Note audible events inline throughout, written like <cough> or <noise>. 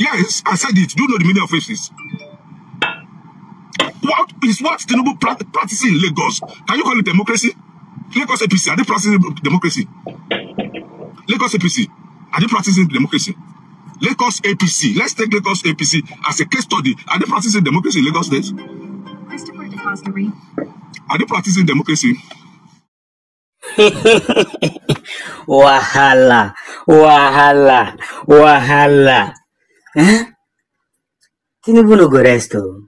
Yes, I said it. Do you know the meaning of faces? What is what Tinubu practicing in Lagos? Can you call it democracy? Lagos APC, are they practicing democracy? Lagos APC, are they practicing democracy? Lagos APC, let's take Lagos APC as a case study. Are they practicing democracy in Lagos State? Christopher Are they practicing democracy? <laughs> wahala, wahala, wahala. Eh? Tinubu no go rest oh.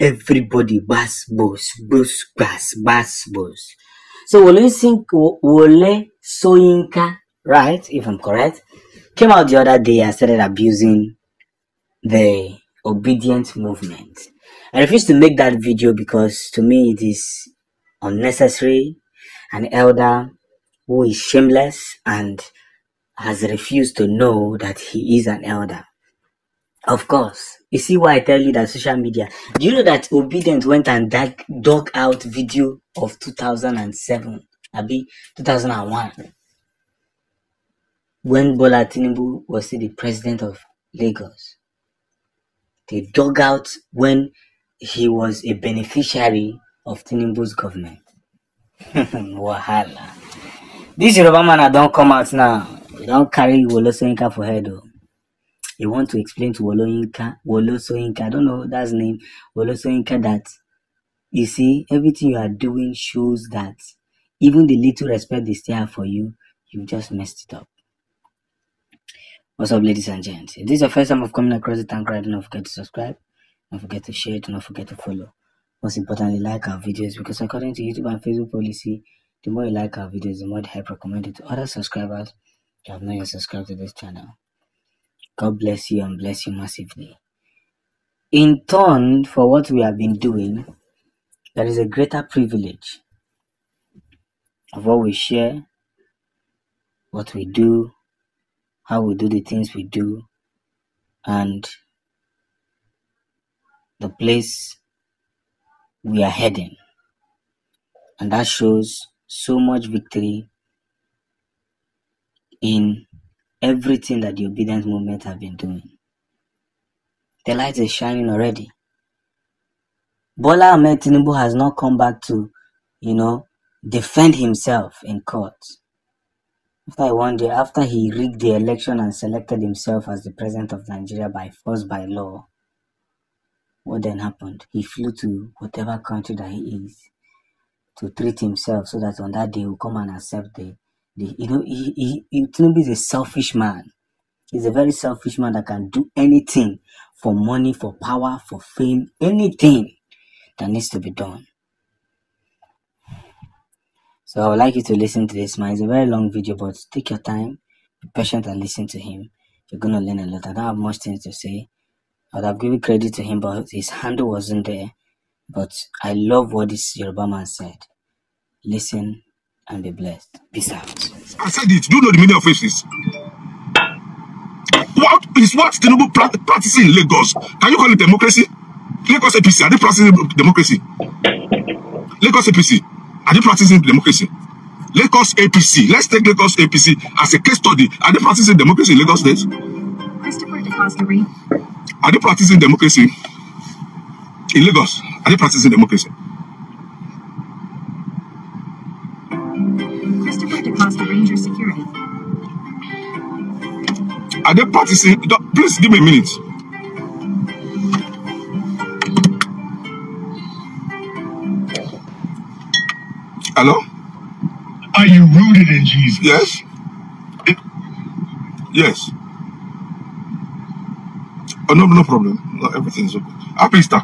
Everybody bus boss, boss, bus bus boss. So Wole Sink Wole soinka? right? If I'm correct, came out the other day and started abusing the obedient movement. I refuse to make that video because to me it is unnecessary. An elder who is shameless and has refused to know that he is an elder. Of course. You see why I tell you that social media. Do you know that Obedience went and dug, dug out video of 2007, Abi 2001, when Bola Tinubu was still the president of Lagos? They dug out when he was a beneficiary of Tinubu's government. <laughs> Wahala. This Yoruba man don't come out now. You don't carry Wolo for head though they want to explain to Woloyinka, Soinka? I don't know that's name, Soinka. that you see everything you are doing shows that even the little respect they still have for you, you just messed it up. What's up, ladies and gents? If this is your first time of coming across the tank ride, do not forget to subscribe, don't forget to share, do not forget to follow. Most importantly, like our videos because according to YouTube and Facebook policy, the more you like our videos, the more they help recommend it to other subscribers you have not yet subscribed to this channel. God bless you and bless you massively. In turn for what we have been doing, there is a greater privilege of what we share, what we do, how we do the things we do, and the place we are heading. And that shows so much victory in everything that the obedience movement have been doing. The light is shining already. Bola Ahmed Tinubu has not come back to, you know, defend himself in court. After one day, after he rigged the election and selected himself as the president of Nigeria by force by law, what then happened? He flew to whatever country that he is to treat himself so that on that day he will come and accept the you know, he, he, he, Tinubu is a selfish man. He's a very selfish man that can do anything for money, for power, for fame, anything that needs to be done. So I would like you to listen to this man. It's a very long video, but take your time, be patient, and listen to him. You're gonna learn a lot. I don't have much things to say. I'd have given credit to him, but his handle wasn't there. But I love what this Yoruba man said. Listen and be blessed. Peace out. I said it. Do you know the meaning of faces? What is what Tinubu practicing in Lagos? Can you call it democracy? Lagos APC, are they practicing democracy? Lagos APC, are they practicing democracy? Lagos APC, let's take Lagos APC as a case study. Are they practicing democracy in Lagos State? Christopher DeCostery. Are they practicing democracy in Lagos? Are they practicing democracy? Are they practicing? Please give me a minute. Hello? Are you rooted in Jesus? Yes. yes. Oh, no, no problem. No, everything's okay. Happy Easter.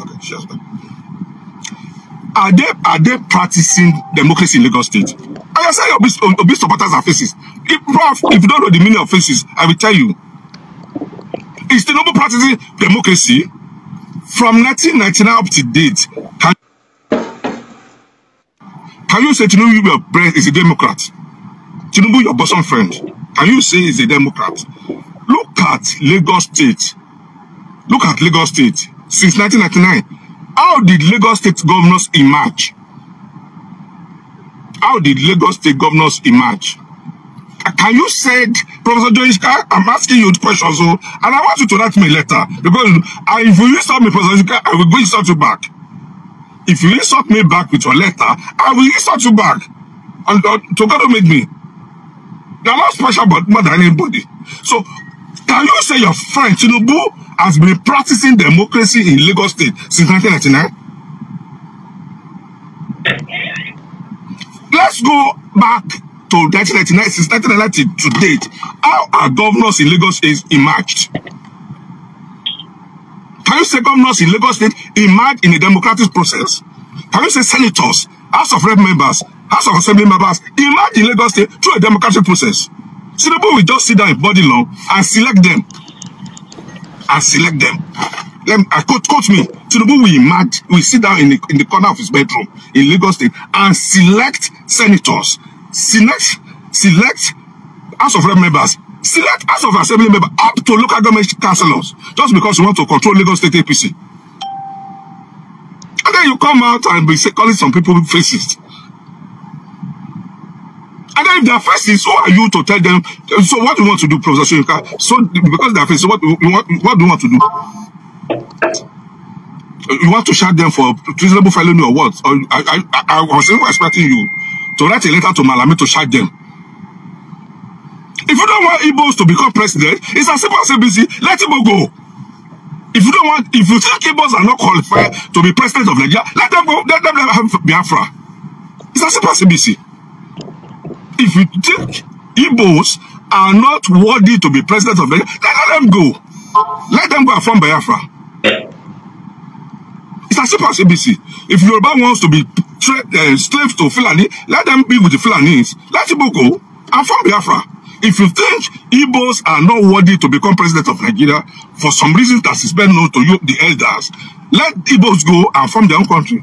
Okay, she has cheers. Are they, are they practicing democracy in Lagos State? I will say obese, obese supporters are faces. If, if you don't know the meaning of faces, I will tell you. Is Tinubu practicing democracy from 1999 up to date? Can, can you say Tinubu your breath is a Democrat? Tinubu your bosom friend? Can you say is a Democrat? Look at Lagos State. Look at Lagos State. Since 1999, how did Lagos State governors emerge? how did Lagos state governors emerge? Can you say, Professor Joyishka, I'm asking you questions, so, oh. and I want you to write me a letter because if you insult me, Professor Joyishka, I will go insult you back. If you insult me back with your letter, I will insult you back. And uh, to God will make me. You're not special, but more than anybody. So, can you say your friend Tinubu has been practicing democracy in Lagos State since 1999? let's go back to 1999 since 1990 to date how are governors in Lagos is emerged can you say governors in Lagos state emerged in a democratic process can you say senators house of rep members house of assembly members emerged in Lagos state through a democratic process So the people will just sit down in body long and select them and select them let me, uh, quote, quote me, Tinubu will emerge, will sit down in the, in the corner of his bedroom in Lagos State and select senators, select, select House of Rep members, select House of Assembly members up to local government councillors just because you want to control Lagos State APC. And then you come out and be calling some people faces. And then if they are faces, who are you to tell them? So what do you want to do, Professor Shoyinka? So because they are faces, what, what, what do you want to do? You want to shout them for treasonable felony or what? Or, I, I, I was even expecting you to write a letter to Malami to shout them. If you don't want Igbos to become president, it's as simple as ABC. Let Igbo go. If you don't want, if you think Igbos are not qualified to be president of Nigeria, let them go. Let them have Biafra. It's as simple as ABC. If you think Igbos are not worthy to be president of Nigeria, let them go. Let them go and form Biafra. It's as ABC. If Yoruba wants to be uh, eh, slaves to Fulani, let them be with the Fulanis. Let people go. I'm from Biafra. If you think Igbos are not worthy to become president of Nigeria for some reason that is best known to you, the elders, let Igbos go and form their own country.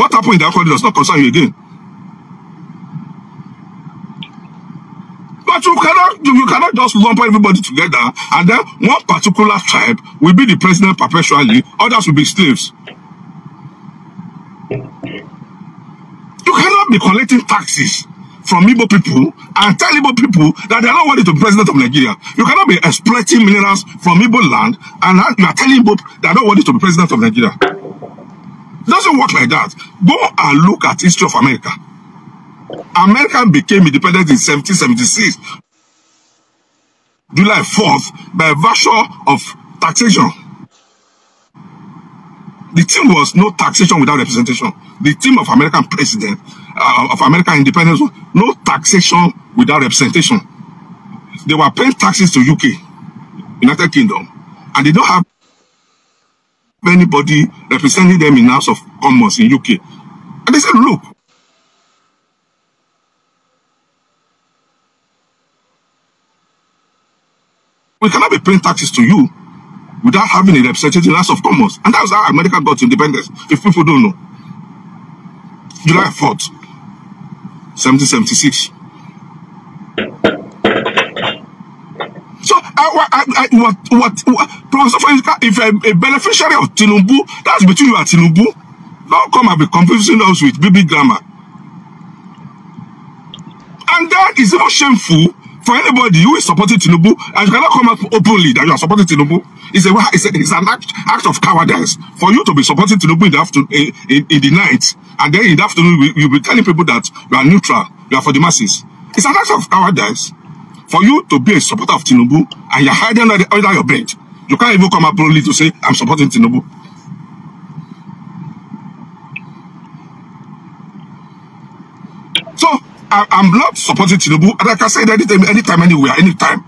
What happened in their country does not concern you again. But you cannot, you cannot just lump everybody together and then one particular tribe will be the president perpetually, others will be slaves. stop be collecting taxes from Igbo people and tell Igbo people that they are not worthy to be president of Nigeria. You cannot be exploiting minerals from Igbo land and you are telling Igbo they are not worthy to be president of Nigeria. It doesn't work like that. Go and look at history of America. America became independent in 1776, July 4th, by virtue of taxation. The thing was no taxation without representation. The theme of American president uh, of American independence no taxation without representation. They were paying taxes to UK, United Kingdom, and they don't have anybody representing them in House of Commons in UK. And they said, look, we cannot be paying taxes to you without having a representative in House of Commons. And that's how America got independence, if people don't know. July 4th, 1776. So, uh, uh, uh, what, what, what, if a, a beneficiary of Tinubu, that's between you and Tinubu. Don't come and be confusing us with BB grammar. And that is even shameful for anybody who is supporting Tinubu, and you cannot come out openly that you are supporting Tinubu. It's, a, it's, a, it's an act, act of cowardice for you to be supporting Tinubu in the, after, in, in, in the night, and then in the afternoon you'll be telling people that you are neutral, you are for the masses. It's an act of cowardice for you to be a supporter of Tinubu and you're hiding under, under your bed. You can't even come up boldly to say, I'm supporting Tinubu. So, I, I'm not supporting Tinubu, and I can say it anytime, anytime, anywhere, anytime.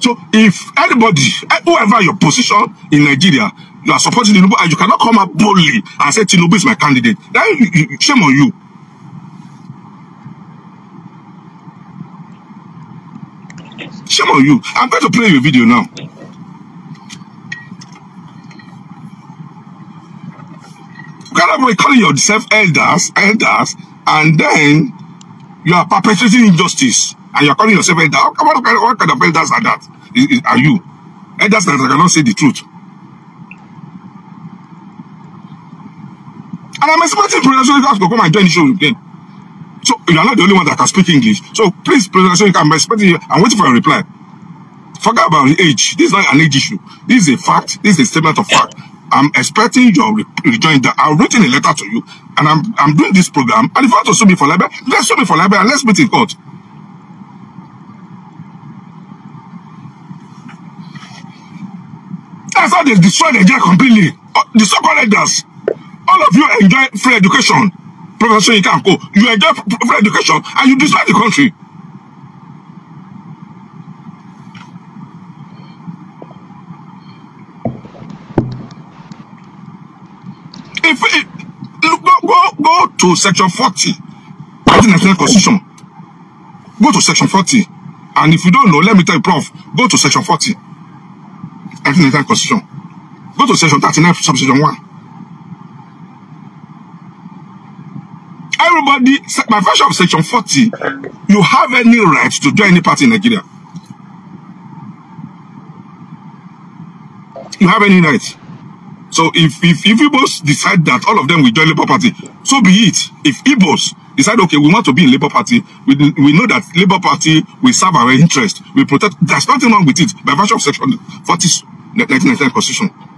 So if anybody, whoever your position in Nigeria, you are supporting Tinubu and you cannot come up boldly and say Tinubu is my candidate, then shame on you. Shame on you. I'm going to play your video now. You cannot be calling yourself elders, elders, and then you are perpetrating injustice and you are calling yourself elder. What, what, what kind of elders are that? Is, is, are you? Elders that cannot say the truth. And I'm expecting President Shorika to come and join the show again. So you are not the only one that can speak English. So please, Professor Shorika, I'm expecting you. I'm waiting for a reply. Forget about the age. This is not an age issue. This is a fact. This is a statement of fact. I'm expecting your rejoinder. I've written a letter to you, and I'm I'm doing this program. And if you want to sue me for libel, let's sue me for libel and let's meet in court. That's how they destroy Nigeria completely. Uh, the so-called elders, all of you enjoy free education. Professor Ikanko, you enjoy free education and you destroy the country. If it, go, go, go to section 40 of the National Constitution. Go to section 40. And if you don't know, let me tell you, Prof, go to section 40. 1989 Constitution. Go to section 39, subsection 1. Everybody, by virtue of section 40, you have any right to join any party in Nigeria. You have any right. So if, if, if Igbos decide that all of them will join Labour Party, so be it. If Igbos decide, okay, we want to be in Labour Party. We, we know that Labour Party will serve our interest. We protect. There's nothing wrong with it by virtue of Section 40, the 1999 constitution